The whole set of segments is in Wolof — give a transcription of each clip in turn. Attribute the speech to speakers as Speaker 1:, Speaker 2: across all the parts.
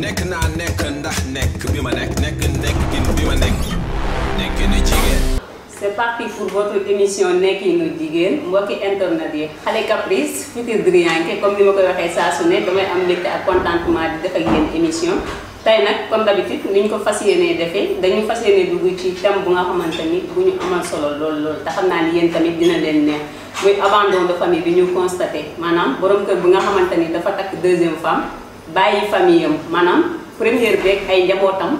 Speaker 1: nekk naa nekk ndax nekk bi ma nekk nekk nekkin
Speaker 2: jigéen. c'est parti pour votre émission nekkinu jigéen mbokki internet yi xale caprice futur driyanke comme ni ma koy waxee saa su ne damay am mbégte ak contentement di def ak émission. tey nag comme d'habitude ni ñu ko fas yéenee defee dañu fas yéenee dugg ci thème bu nga xamante ni bu ñu amal solo lool lool te naa ni yéen tamit dina leen neex muy abandon de famille bi ñu constaté maanaam borom kër nga xamante ni dafa takk deuxième femme. bàyyi famille am maanaam première beeg ay njabootam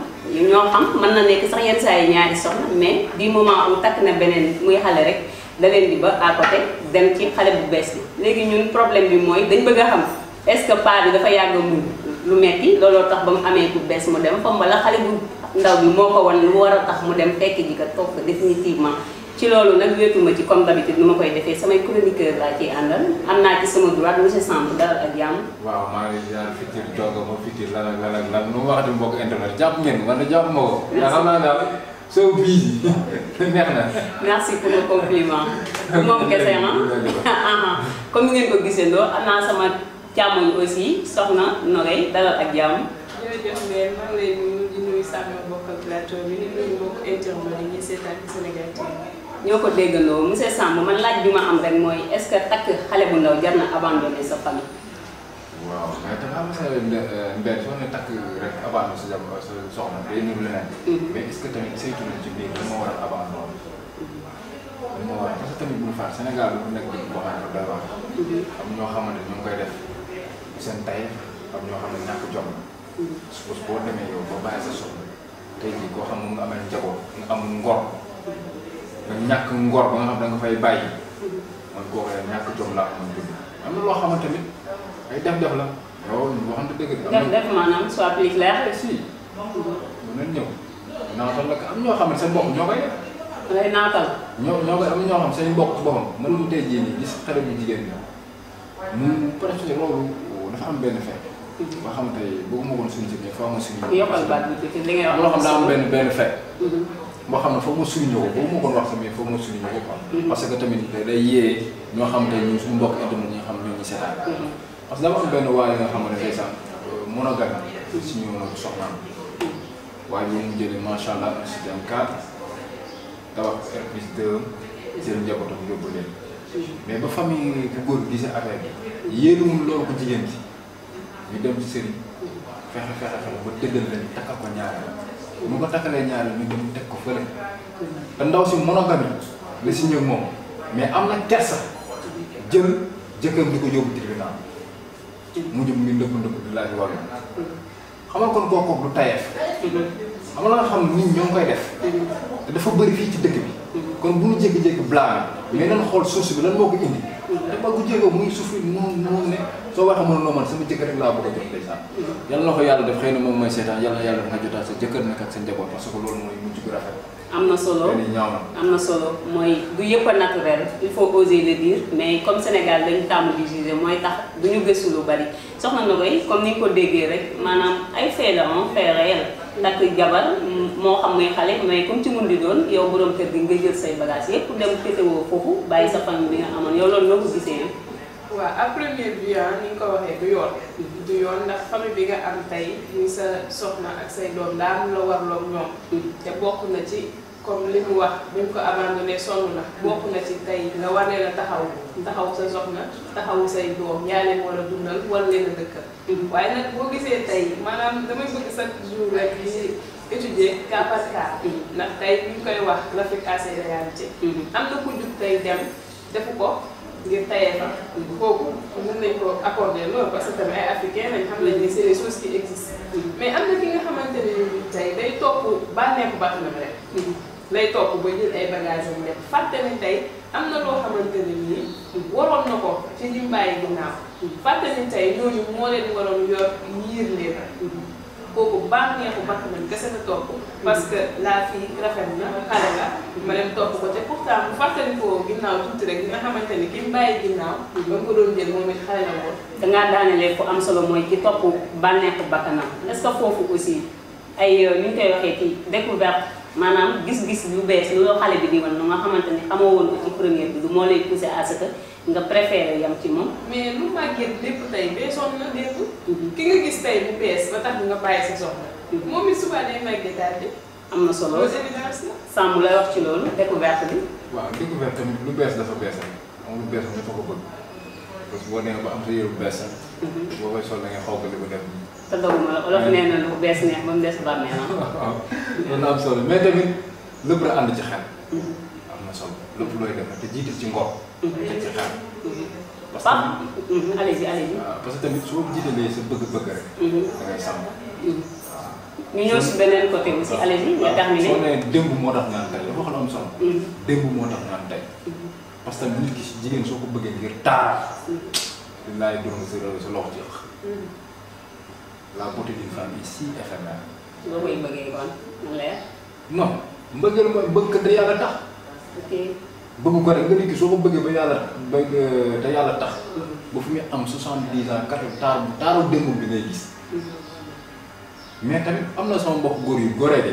Speaker 2: ñoo xam mën na nekk sax yenn saa yi ñaari soxna mais di moment où takk na beneen muy xale rek da leen di ba à côté dem ci xale bu bees bi. léegi ñun problème bi mooy dañ bëgg a xam est-ce que paa bi dafa yàgg mu lu metti looloo tax ba mu amee ku bees mu dem fam wala xale bu ndaw bi moo ko wan lu war a tax mu dem fekk ji ko toog definitivement. ci loolu nag wéetuma ci comme d'habitude nu ma koy defee samay chroniqueur laa ciy àndal am
Speaker 1: naa ci sama droit monsieur Samb dalal ak jàmm. waaw maa ngi ziar fitir tooga ma fitir lan ak lan ak lan nu mu wax di mbokk internet jàpp ngeen man de jàpp ma ko. merci xam ak jàmm.
Speaker 2: jërëjëf
Speaker 3: Ndeye maa lay nuyu di nuyu sàmm mbokk bi
Speaker 2: ñoo ko déggandoo monsieur Samb man laaj bi ma am rek mooy est-ce takk xale bu ndaw jar na abandonné sa famille.
Speaker 1: Euh, sa mbir soo mm-hmm. mais est-ce que tamit war a abandonné. Mm-hmm. li ma war a parce que tamit bu ñu Sénégal bu nekk dëkk boo xam ne doy waar. am ñoo xamante ne ñu ngi koy def seen tay am ñoo xam ne ñàkk jom la. Mm-hmm. suppose boo demee yow boo bàyyi sa soxna tey koo xam ne mu ngi amee nga am ngor. ak ñàkk ngor ba nga xam da nga fay bàyyi man koo xam ñàkk jom laa amoon dund am na loo xamante ni ay def-def la loolu waxante dëgg la. def-def maanaam soit plus clair. si mën nañ ñëw naatal la am ñoo xam ne seen bopp ñoo koy def. lay naatal. ñoo ñoo koy am ñoo xam seen bopp ci boppam mën na mu tey jii nii gis xale bu jigéen ñi mu presque loolu dafa am benn fekk. ba xamante ni bëgguma woon suñu jëmee foo ma suñu. yokkal baat bi li ngay wax loo xam daa am benn benn fekk. moo xam ne foog nga souligner ko boobu moo ko wax tamit foog nga souligner ko mm-hmm. parce que tamit day yee ñoo xam ne ñu suñu mbokk internet ñi nga xam ñoo ñu seetaan. Mm-hmm. parce que dama am benn waaye nga xam ne day sax euh, monogame suñu soxnaam mm-hmm. waaye ñu ngi jëlee macha allah si dem cadre tabax R plus 2 jël njabootam yóbbu leen mais ba famille bu góor bi gisee affaire bi yéenuwul loolu ko jigéen ci ñu dem ci fexe fexe ba dëggal leen takkal ko ñaareel. mu ko takkalee ñaari ñu dem teg ko fële te ndaw si monogamie la si ñëw moom mais am na kersa jël jëkkër di ko yóbbu tribunal mu jëm ngi ndëpp ndëpp di laaj war kon kooku du tayeef xam nga la xam nit ñoo koy def te dafa bëri fii ci dëkk bi kon bu ñu jékki-jékki blâme mais nan xool source bi lan moo ko indi dafa ko jéego muy souffrir moom moom ne soo waxee mën noo man sama jëkkër rek laa bëgg a jox ndeysaan yàlla def xëy na moom mooy seetaan yàlla na yàlla def nga sa jëkkër nag ak sa njaboot parce que loolu mooy mujj gu rafet am na solo
Speaker 2: am na solo mooy du yëpp a naturel il faut oser le dire mais comme Sénégal dañu tàmm di juger mooy tax du ñu gëstu lu bari soxna na koy comme ni ko déggee rek maanaam ay fait la en fait réel takk jabar moo xam muy xale mais comme ci mun di doon yow borom kër gi nga jël say bagages yëpp dem féetewoo foofu bàyyi sa famille bi nga amoon yow loolu noo ko gisee
Speaker 3: waaw à première vue ah, ni nga ko waxee du yoon du yoon ndax famille bi nga am tey muy sa soxna ak say doom daa am la warloo ñoom mm. te bokk na ci comme li mu wax bi mu ko abandonné sonn na bokk na ci tey nga war leen a taxaw taxaw sa soxna taxawu say doom yaa leen war a dundal war leen a waaye nag boo gisee tey maanaam damay bëgg chaque jour rek ñuy étudier cas par cas ndax tey ñu koy wax l'Afrique à ses réalités am na ku jug tey dem defu ko ngir tayee fa kooku ne nañ ko accorder loolu parce que tamit ay africain lañ xam nañ ne si des qui existent mais am na ki nga xamante ni tey day topp bànneeku baax na lay topp ba jël ay bagages am def fàtte ne am na loo xamante ne nii waroon na ko ci ñi bàyyi ginnaaw fàtte ne tey ñooñu moo leen waroon yor yiir leen kooku bànneexu bakkanam kese parce que la fille rafet na
Speaker 2: xale ma dem topp ko te bu fàttali ko ginnaaw tuuti rek nga ni ki mu bàyyi ginnaaw ba ko doon jël moom it xale la woon am solo mooy ki topp bànneexu bakkanam est-ce que foofu aussi ay euh, ni ñu koy waxee maanaam gis-gis yu bees lu loo xale bi di wan nu nga xamante ni xamoo woon ko ci première bi du moo lay poussé à ce que nga préféré yam ci moom.
Speaker 3: mais lu màgget lépp tey beesoon na lépp. Mhm. ki nga gis tey bu bees ba tax nga bàyyi sa soxla. Mhm. moom it suba day màgget daal di. am na solo loolu
Speaker 1: sàmm lay wax ci loolu découverte bi. waaw découverte tamit lu bees dafa bees rek moom lu bees dafa ko bëgg parce que boo nee ba am sa yëru bees rek. Mhm. boo koy sol da ngay xaw ko li ko def. te olah la olof nee na
Speaker 2: lu bees neex ba mu des bàmmeelam. waaw loolu am solo mais tamit
Speaker 1: lépp la ànd ci xel. am na solo lépp looy def te jiite ci ngor. teg ci xel. parce que allez-y allez-y. waaw parce que tamit su ma jiitalee sa bëgg-bëgg rek. da ngay sàmm. ñu ñëw si beneen côté aussi allez-y nga terminé. soo nee démb moo tax naan tey dafa xala am solo. démb moo tax naan tey. parce que nit ki jigéen soo ko bëggee ngir taar. billaay doon si loxo ci wax. la beauté d'une femme est si éphémère.
Speaker 2: nga koy bëggee kon mu leer.
Speaker 1: non mbëggeel mooy bëgg te yàlla tax. ok bëgg ko rek nga nit ki soo ko bëggee ba yàlla bëgg te yàlla tax. Mm-hmm. ba fu muy am soixante-dix ans quatre taar taaru démb bi ngay gis.
Speaker 2: Mm-hmm.
Speaker 1: mais tamit am na sama mbokk góor yu góoree de.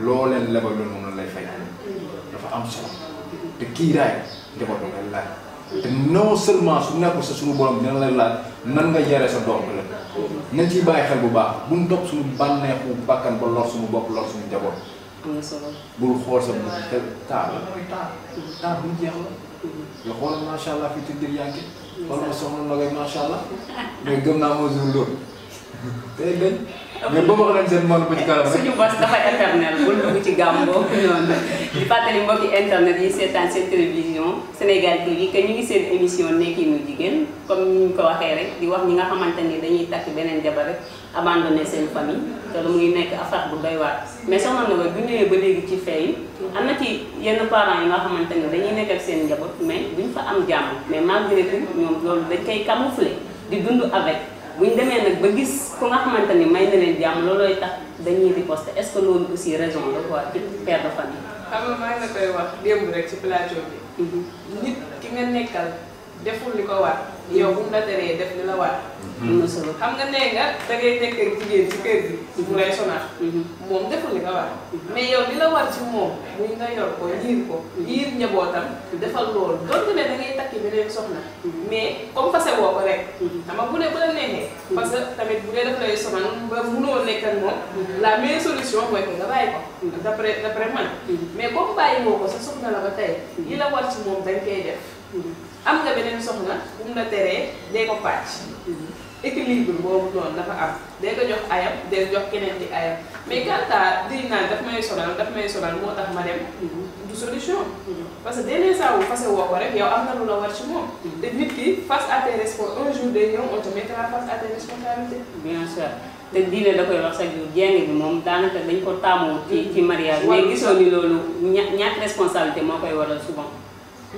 Speaker 1: loo leen lebaloon moom lay fay dafa am solo te kii raay njabootam lay laaj te non seulement su nekkul sa suñu borom dina lay laaj nan nga yore sa doom la nañ ciy bàyyi xel bu baax buñ topp suñu bànneexu bàkkan ba lor suñu bopp lor suñu njaboot. bul xool sa bopp te taal la taal taal bu jeex la. nga xoolal macha allah fii ci biir yànke. xoolal ma soxna Ndogoy allah. mais gëm naa ma jour loolu. tey léegi. mais boobu wax nañ seen monde bu ci kanam rek suñu bos
Speaker 2: dafay éternel
Speaker 1: bul dugg ci gàmm boobu noonu
Speaker 2: di mbokki internet yi seetaan seen télévision Sénégal TV que ñu ngi seen émission nekkinu jigéen comme ni ñu ko waxee rek di wax ñi nga xamante ni dañuy takk beneen jabar rek abandonné seen famille te lu muy nekk affaire bu doy waar mais soxna na bu ñëwee ba léegi ci fay am na ci yenn parents yi nga xamante ni dañuy nekk ak seen njaboot mais duñ fa am jàmm mais malgré tout ñoom loolu dañ koy camoufler di dund avec ku nga xamante ni may na leen jàmm loolooy tax dañuy riposte est-ce que loolu aussi raison la quoi ci père de famille. xam nga maa ngi la koy wax démb rek ci plateau bi. Mhm. nit ki nga nekkal deful li ko war. Mhm. yow
Speaker 3: bu mu la teree def li la war. am na solo xam nga nee nga da ngay nekk ak jigéen ci kër gi. Mhm. mu mhm. deful li nga war. Mhm. mais yo li la war ci moom muy nga yor ko yiir ko. yiir njabootam defal loolu donte ne da ngay takki beneen soxna. mais comme fase woo ko rek. dama bu ne bu la neexee. parce que tamit bu dee daf lay sonal ba munoo nekk la meilleure solution mooy ko nga bàyyi ko. d' après man. mais comme bàyyi woo ko sa soxna la ba tey. la war ci moom dañ koy def. am nga beneen soxna bu mu la teree dee ko pàcc. équilibre boobu noonu dafa am day ko jox ayam day jox keneen di ayam mais quant à di naan daf may sonal daf may sonal moo tax ma dem du solution
Speaker 2: parce que dès l'instant wu fase woo ko rek yow am
Speaker 3: na lu la war ci moom te nit ki face à tes responsabilités un jour day ñëw on te mettra face à tes responsabilités
Speaker 2: bien sûr te diine da koy wax sax ju jeng bi moom daanaka dañ ko taamu ci ci mariage mais gisoo ni loolu ña ñàkk responsabilité moo koy waral souvent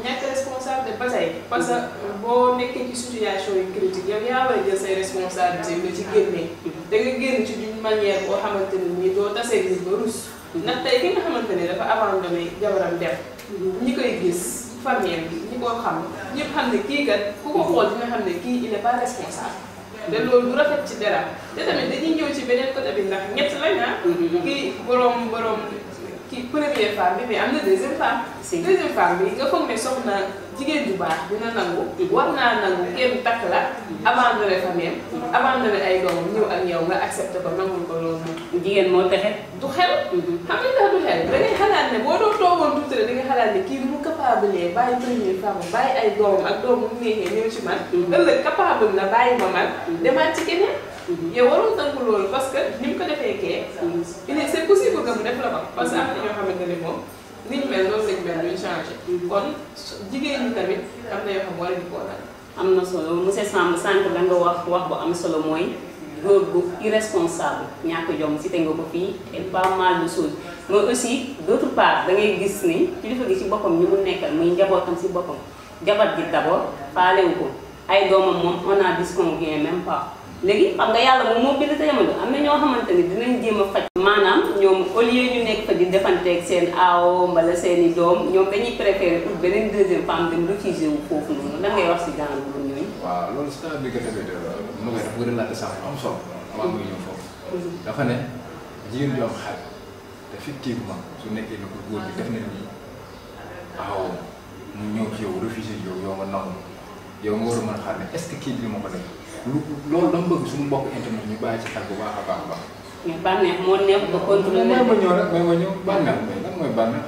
Speaker 3: nekk responsable de bataille parce que boo nekkee ci situation yu critique yow yaa war a jël say responsabilité nga ci génne da nga génn ci d'une manière boo xamante ne nii doo tasee gis ba rus ndax tey ki nga xamante ne dafa abandonné jabaram dem ñi koy gis famille bi ñi ko xam ñëpp xam ne kii kat ku ko xool dina xam ne kii il est pas responsable loolu rafet ci dara te tamit dañuy ñëw ci beneen côté bi ndax ñett lañ ah mm-hmm. kii boroom boroom kii première femme bi mais am na deuxième femme. deuxième femme bi nga foog ne soxna jigéen ju baax dina nangu. Mm-hmm. war naa nangu kenn takk la. Mm-hmm. abandonné famille am. Mm-hmm. abandonné ay doomam ñëw ak yow nga accepté ko nangul ko loolu moom. jigéen moo texe du xel. xam nga tax du xel da ngay xalaat ne boo doon toogoon tuuti neexee ñëw ci man. ëllëg capable na bàyyi ma man. demaat ci keneen. yow warul tënk loolu parce que ni mu ko defee kee. il est c'est possible que mu def la ba. parce que am na ñoo xamante ne moom. ni ñu mel loolu lañ mel
Speaker 2: ñu changé. kon jigéen ñi tamit am na yoo xam war a di koo dal. am na solo monsieur Samb sànq da nga wax wax bu am solo mooy góor bu irresponsable ñàkk jom si nga ko fii et pas mal de choses mais aussi d' autre part da ngay gis ni kilifa gi si boppam ñu mu nekkal muy njabootam si boppam jabat gi d' abord faalewu ko ay doomam moom on a disconvient même pas. léegi xam nga yàlla moom moo bind te yamadu am na ñoo xamante ni dinañ jéem a faj maanaam ñoom nekk fa di defanteeg seen aawo mbala seen i doom ñoom dañuy préféré pour beneen deuxième femme dem réfugié wu foofu noonu lan
Speaker 1: ngay wax si genre bu ñooñu waaw loolu si tamit bi nga tamit mu nga def gën a laaj sax am solo maa ngi foofu mm-hmm. dafa ne jigéen ju am xel effectivement su nekkee ne ko góor bi def na nii aawo mu ñëw ci yow réfugié yow yow nga nangu yow nga war a mën a xam ne est ce bi ma ko def lu loolu dama bëgg suñu mbokk internet ñu bàyyi ci xel bu baax a baax a baax. mais bànneex moo neex ba contrôler. mais ma ñëw rek mais ma ñëw bànneex mais lan mooy bànneex.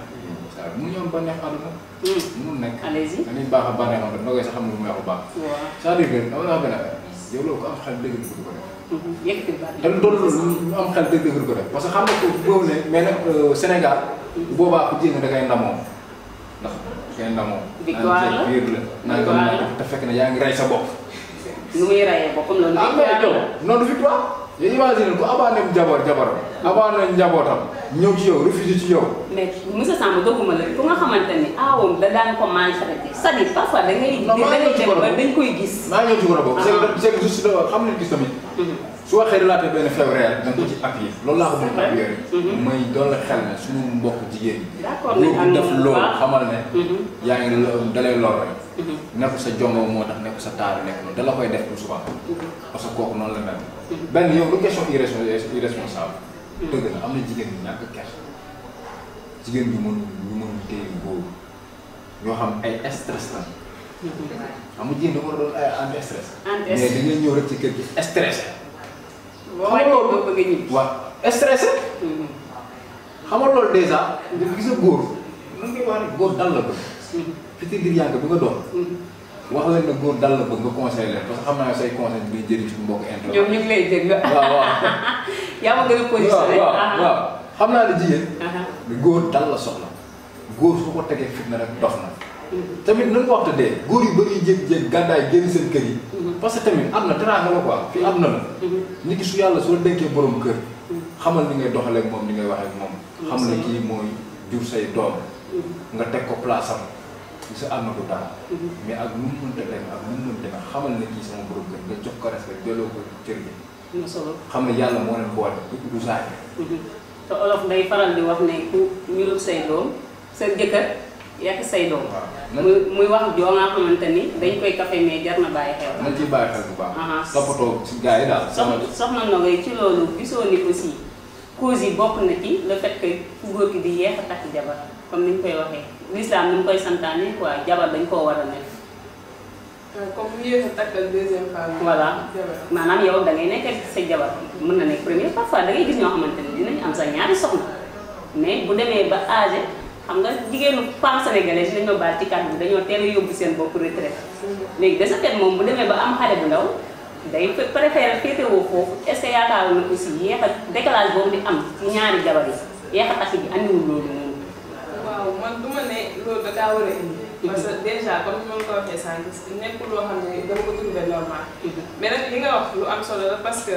Speaker 1: waaw mu ñëwoon bànneex àdduna. mun nekk. allez-y dañuy baax a bànneex am rek sax xam ne lu muy wax bu baax. waaw c'est-à-dire que dama la wax benn affaire yow loolu ko am xel dëgg dëgg ko def. yëkkati baax te doon am xel dëgg dëgg ko def parce que xam nga ko boobu ne mais nag Sénégal. boobaa ko jéem da ngay ndamoo ndax da ngay ndamoo. victoire la nah, victoire la te fekk na yaa ngi rey sa bopp
Speaker 2: nu muy rayee boppam la. ah mais yow
Speaker 1: noonu victoire. yéen imagine ko abaaneem jabar jabar abaaneem njabootam ñëw ci yow refusé ci yow.
Speaker 2: mais monsieur Samb dëgguma la ku nga xamante ni aawam da daan ko maltraité c'est-à-dire parfois da ngay. da ngay dem ba dañ koy gis.
Speaker 1: maa ngi ñëw ci góor a bokk. Ah. c'est que c'est que juste xam nañ gis su waxee relaté benn feew réel da nga ko ci appuyé loolu laa ko bëgg appuyé mhm. may doon la xel ne suñu mbokk jigéen ñi loolu def loolu xamal ne mhm. yaa ngi dalay lor rek mhm. ko sa jomo moo tax ne ko sa taaru nekk da la koy def tout souvent parce que kooku noonu la mel benn yow lu question irresponsable dëgg na am na jigéen ñi ñàkk kersa jigéen ñu mënul ñu mënul téye góor ñoo xam ay stress la xam jigéen da war a doon anti stress. anti stress mais dañuy ñëw rek ci kër gi stressé. boo loolu bëgg xam nga loolu dèjà. dafa a góor. mën nga wax ne góor bëgg. nga doon. wax leen ne góor dal la bëgg nga xam naa say yaa xam naa ne jigéen. góor dal la soxla. góor su ko tegee fitna rek dox na. tamit nañ ko de góor yu bëri jéeg-jéeg gàddaay génn seen kër yi mhm. parce que tamit am na teraanga la quoi fii am na la mhm. nit ki su yàlla soo la denkee borom kër mhm. xamal ni ngay doxaleeg moom ni ngay waxee ak moom xam ne kii mooy jur say doom nga teg ko place sa am na mais ak nu mu mënta mu mënta demee ne kii sama borom kër nga jox ko respect delloo ko cër gi xam ne yàlla moo leen boole du saay
Speaker 2: te olof day faral di wax ne ku ñu say doom seen jëkkër yàq say doom. muy muy wax joo nga xamante dañ koy kafe mais jar na bàyyi a nañ ci bàyyi xel bu baax. toppatoo ci gars yi daal. ni aussi cause yi bokk na ci le fait que ku góor gi di yeex a takk jabar comme ni ñu koy waxee l'islam ni mu koy santaane quoi jabar dañ koo war a nekk. Euh, comme yéex a takkal deuxième femme. voilà maanaam yow da sa jabar mën na nekk première parfois da ngay gis ñoo xamante ni am sa ñaari soxna mais bu demee ba âgé. xam nga jigéenu femme sénégalaise lañ ma baal ci kàddu bi dañoo teel a yóbbu seen bopp retraite léegi de ce fait moom bu demee ba am xale bu ndaw day préféré féetewoo foofu est ce que yaakaaroon na aussi yéex décalage boobu di am ci ñaari jabar yi yéex a takk ji andiwul loolu noonu.
Speaker 3: waaw man du ma ne loolu da war a indi. Mhm. parce que déjà comme ni ma ko waxee sànq nekkul loo xam ne dama ko trouvé normal. Mhm. mais nag li nga wax lu am solo la parce que.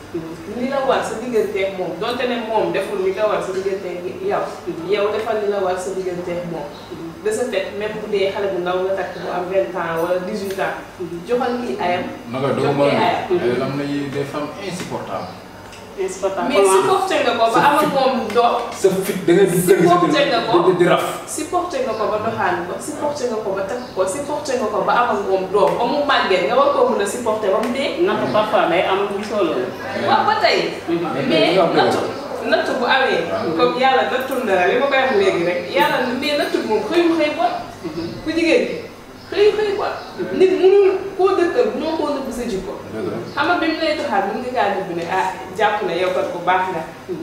Speaker 3: li la war sa digganteeg moom donte ne moom deful li la war sa digganteeg yow. yow defal li la war sa digganteeg moom. de ce fait même bu dee xale bu ndaw nga takk bu am vingt ans wala dix huit ans. joxal kii ayam. jox kii ayam naka doo am
Speaker 1: nañu
Speaker 3: inspecteur mais supporté nga ko ba amal moom doo.
Speaker 1: sa fit da nga di supporté nga ko di raf.
Speaker 3: supporté nga ko ba doxaani ko supporté nga ko ba takk ko supporté nga ko ba amal moom doo ko mu màggee nga war koo mën a supporté ba mu dee. naka parfois day am lu solo la. waaw ba tey. Mm-hmm. mais nattu nattu bu amee. Mm-hmm. comme yàlla nattul la li ma koy wax léegi rek yàlla mais nattu moom xëy xëy bon. ku jigéen xëy xëy bon. nit mënul. sa jikko xam nga bi mu lay taxaar mën nga kaa déglu ne ah jàpp na yow kat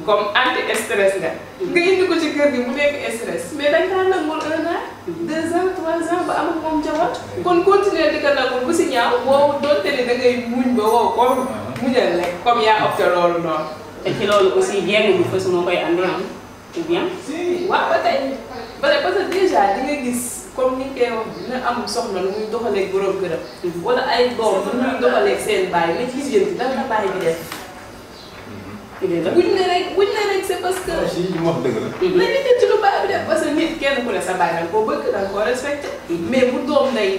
Speaker 3: comme anti stress nga mm-hmm. nga indi ko ci kër gi mu nekk stress mais dañ kaa nangul un an mm-hmm. deux ans trois ans ba am ak moom jabar kon continuer di ko nangul bu si ñaaw woowu doonte ni da ngay muñ ba woow ko mm-hmm.
Speaker 2: muñal rek comme yaa opté loolu noonu te ci loolu aussi jéngu bu fas moo koy andi am ah, ou bien
Speaker 1: waaw ba tey
Speaker 3: ba tey parce que déjà di nga gis comme ni nga koy wax dina am soxna nu muy doxaleeg borom këram. wala ay doom nu muy doxaleeg seen bàyyi nañ ci jënd lan la bàyyi bi def. buñ mm-hmm. ne rek buñ ne que. aussi li mu wax
Speaker 1: dëgg la. Mm-hmm. nañu
Speaker 3: jënd lu bàyyi bi def parce que nit mm-hmm. mais bu
Speaker 2: doom day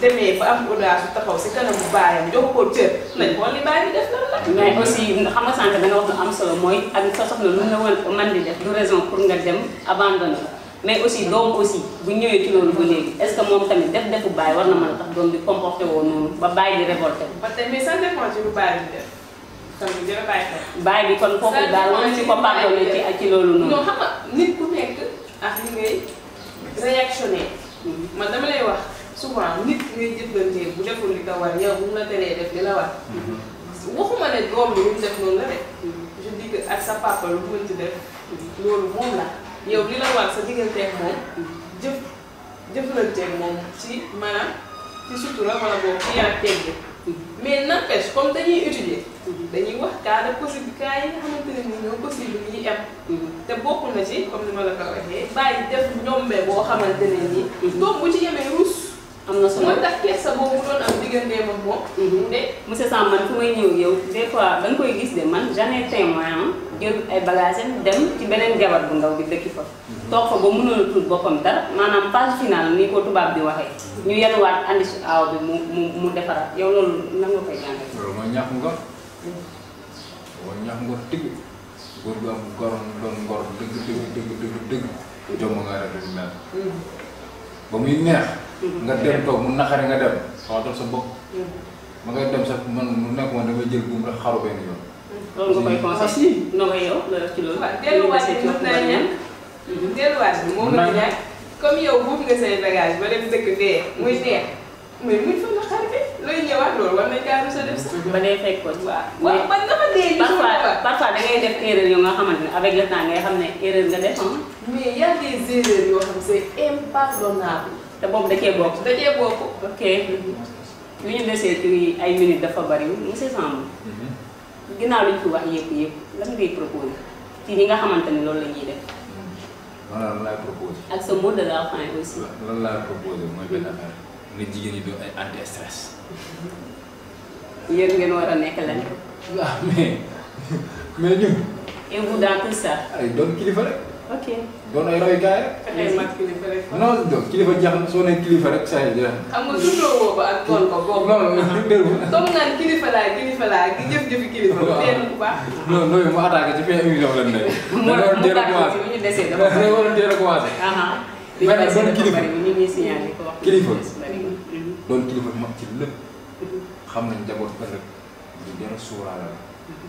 Speaker 2: demee ba am audace taxaw si kanamu baayam jox ko cër
Speaker 3: nañ xool li bàyyi bi def lan la. mais xam nga
Speaker 2: sànq da nga wax lu am solo mooy ak sa soxna lu mu la woon man di def du raison pour nga dem abandonné mais aussi doom aussi bu ñëwee ci loolu ba léegi est-ce que moom tamit def defu bàyyi war na mën a tax doom bi comporté woo noonu ba bàyyi di révolté.
Speaker 3: ba tey mais ça dépend ci lu bàyyi
Speaker 2: bi def. tamit jërë bàyyi ko. bàyyi bi kon foofu daal war ci ko pardonné ci ak ci loolu noonu. non
Speaker 3: xam nga nit ku nekk ak li ngay réactionné. man dama lay wax souvent nit ngay jëflantee bu deful li ko war yow bu mu la teree def li la war. Mhm. waxuma ne doom bi lu mu def noonu la rek. je dis que ak sa papa lu mu def. loolu moom la yow li la de sa digganteeg moom jëf jëflanteeg moom ci maanaam ci sutura wala boobu ci mais comme dañuy étudier dañuy wax cas de possible cas nga xamante ne ni ñoo possible yi am te bokk na ci comme ni la ko waxee def ñombe boo xamante ne ci yemee
Speaker 2: am na solo tax
Speaker 3: kersa boobu noonu am digganteem ak moom.
Speaker 2: Mhm. de monsieur Samb man fu yow des fois koy gis de man j'en témoin jël ay dem ci beneen jabar bu ndaw bi dëkki fa. Mhm. toog fa ba mënoon a tudd dara maanaam phase finale ni ko tubaab di waxee. ñu yenuwaat andi si aaw bi mu mu mu yow loolu nan nga koy jàngal. loolu
Speaker 1: ñax ngor. ñax gu am mhm. jom nga rek mel. ba muy neex. nga dem toog mu naqari nga dem xalaatal sa bopp. ma ngay dem sax man mu nekk woon damay jël buum rek xaru benn yoon.
Speaker 2: loolu nga koy conseillé ah, na ko yow loolu ci loolu. waaw delluwaat bi mën
Speaker 3: naa ñaan. Mm-hmm. delluwaat bi moo mën ñaan comme yow buub nga say bagage ba dem dëkk
Speaker 2: dee muy neex
Speaker 3: mais muy fa nga xarit
Speaker 2: looy ñëwaat loolu war nañ kaa sa def sax. ba day fekk ko waaw. waaw man dafa dee. parfois parfois da ngay def erreur yoo nga xamante ne avec le temps ngay xam ne erreur nga def. Ah.
Speaker 3: mais y a des erreurs yoo xam c'est impardonnable.
Speaker 2: te boobu da cee bokk. da cee bokk. ok lu ñu desee ci ay minutes dafa bari monsieur Samb. Mhm. ginnaaw li ñu fi wax yëpp yëpp lan ngay proposé ci yi nga xamante ni loolu la ñuy
Speaker 1: def. voilà lan laay ak sa mot de la fin aussi. lan laay proposé mooy benn affaire nga jigéen ñi doon ay anti stress.
Speaker 2: yéen ngeen war a nekk lan. waaw ah,
Speaker 1: mais mais ñun.
Speaker 2: et vous dans tout ay
Speaker 1: doon kilifa rek. ok doon ay roy gaay rek. mat kilifa rek. non non kilifa jeex na soo nee kilifa na. xam nga
Speaker 3: kilifa laa kilifa laa gi jëf-jëfi
Speaker 1: kilifa. bu mag ci lépp. xam nañ njaboot ëllëg lu jar a suuraale la.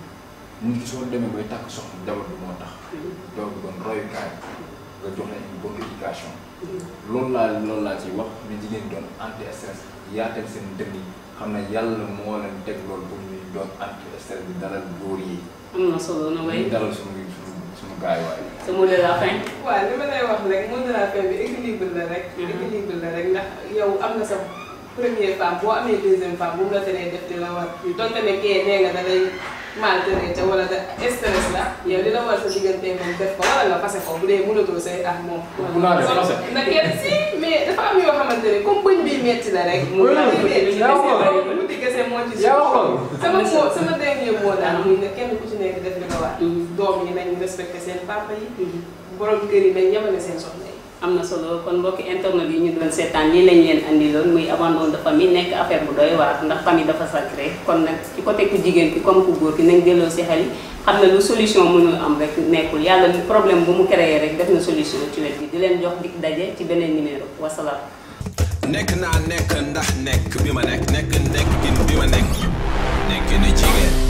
Speaker 1: nit ki soo demee bay tàkk soxna njaboot nga jox leen une bonne laa loolu laa ciy wax mais jigéen doon anti stress yaatal seen dënn xam ne yàlla moo leen teg loolu pour ñuy doon anti stress bi dalal góor yi. am na solo na way dalal suñu suñu suñu gaay waay. te
Speaker 2: mot de la
Speaker 3: li ma lay wax rek mot de la fin bi équilibre la rek. Mm-hmm. équilibre la rek ndax yow am na sa. première femme boo amee deuxième femme bu mu la teree def li la war kii donte ne kee nee nga da lay maltraité wala da stress la yow li la war sa diggante moom def ko wala nga fase ko bu dee mënatoo say ak ah moom. bu naa def fase na kenn si mais dafa am yoo xamante ne comme bëñ bi metti la rek. mu la metti la mu ci gese moo ci suuf sama moo sama dernier mot daal muy ne kenn ku ci nekk def li nga war. Mm-hmm. doom yi nañ respecté seen papa yi. Mm-hmm.
Speaker 2: borom kër yi nañ yemale seen soxna am na solo kon mbokki internet yi ñu doon seetaan lii lañ leen andiloon muy abandon de famille nekk affaire bu doy waar ndax famille dafa sacré kon nag ci côté ku jigéen ki comme ku góor ki nañ delloo si xel yi xam ne lu solution mënul am rek nekkul yàlla lu problème bu mu créé rek def na solution ci wet bi di leen jox dig daje ci beneen numéro wasalaam. nekk naa nekk ndax nekk bi ma nekk nekk nekk bi ma nekk nekk na jigéen.